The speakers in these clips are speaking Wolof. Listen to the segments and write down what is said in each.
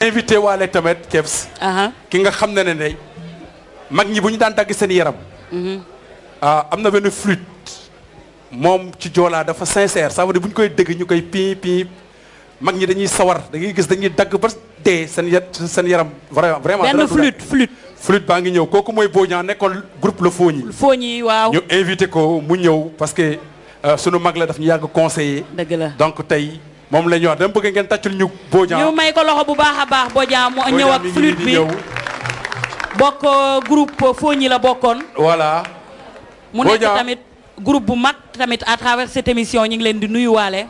invité waale tamit Kebs. ki nga xam ne ne ne mag ñi bu ñu daan dagg seen yaram. Mhm. ah am na benn flûte moom ci joolaa dafa sincère ça veut bu ñu koy dégg ñu koy pii pii mag ñi dañuy sawar da ngay gis dañuy dagg ba dee seen yar seen yaram. vraiment vraiment benn flûte flûte. baa ngi ñëw kooku mooy Boña nekkoon groupe la Foñi. Foñi waaw ñu invité ko mu ñëw parce que euh, sunu mag la daf ñu yàgg conseiller. dëgg donc tey. moom la ñu wax dama bëgg ngeen tàccul ñu Bodian ñu may ko loxo bu baax a baax Bodian mu ñëw ak flûte bi bokk euh, groupe foo ñi la bokkoon voilà mu nekk tamit groupe bu mag tamit à travers cette émission ñu ngi leen di nuyu waale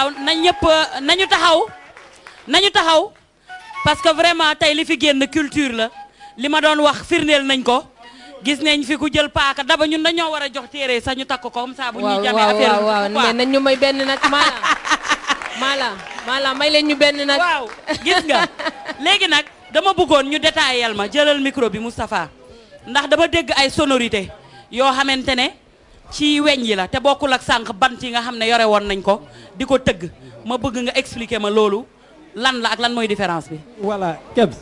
waaw nañ ñëpp nañu taxaw nañu taxaw parce que vraiment tey li fi génn culture la li ma doon wax firndeel nañ ko gis nañ fi ku jël paaka daba ñun dañoo war a jox téere sax ñu takk ko comme ça bu jamee affaire waaw waaw mais nañ ñu may benn nag maala maala may leen ñu benn nag waaw gis nga léegi nag dama bëggoon ñu détaillé ma jëlal micro bi Moustapha ndax dama dégg ay sonorité yoo xamante ne ci weñ yi la te bokkul ak sànq bant yi nga xam ne yore woon nañ ko di ko tëgg ma bëgg nga expliquer ma loolu lan la ak lan mooy différence bi. voilà Kebs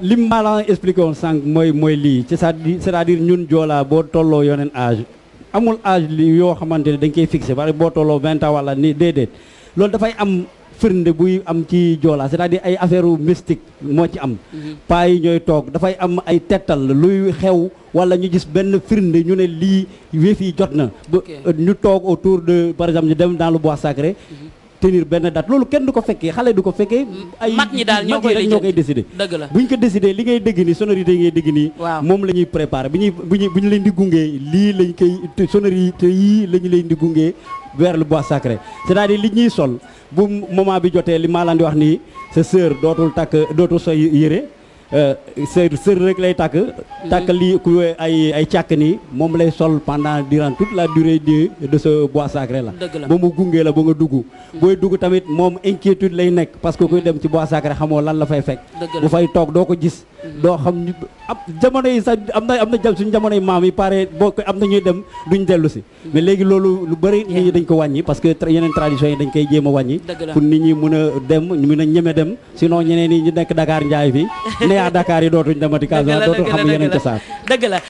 li ma la expliqué woon sànq mooy mooy lii c'est-à-dire ñun joolaa boo tolloo yoneen âge amul âge li yoo xamante ne dañ koy fixé ba boo tolloo vingt ans wala ni déedéet loolu dafay am. firnde buy am ci joolaa cest à ay affaire mystique moo ci am mhm. paa yi ñooy toog dafay am ay tettal luy xew wala ñu gis benn firnde ñu ne lii wéef yi jot na ñu toog autour de par exemple ñu dem dans le bois sacré mhm. tenir benn date loolu kenn du ko fekkee xale du ko fekkee mhm. ay mag ñi daal ñoo koy décider dëgg la buñ ko décider li ngay dégg ni sonorité yi ngay dégg nii moom lañuy ñuy préparé bi bu ñu leen di gungee lii lañ koy sonorité yii la ñu leen di gungee vers lu bois sacré c'est-à-dire li ñuy sol bu moment bi jotee li maa laan di wax nii sa sœur dootul takk dootul euh, sa yére sër sër rek lay takk takk lii ku ay ay càkk nii moom lay sol pendant durant toute la durée di de ce bois sacré la ba mu gungee la ba nga dugg booy dugg tamit moom inquiétude lay nekk parce que kuy dem ci bois sacré xamoo lan la fay fekk bu fay toog doo ko gis doo xam ñu am jamono yi sax am na am na jam suñu jamono yi maam yi pare boo ko am na ñuy dem duñ dellu si mais léegi loolu lu bëri nit ñi dañ ko wàññi parce que yeneen tradition yi dañ koy jéem a wàññi pour nit ñi mun a dem mën a ñeme dem si sinon ñeneen ñi ñu nekk Dakar Njaay fii ne yaa Dakar yi dootuñ demati Casamance dootuñ xam yeneen cosaan dëgg la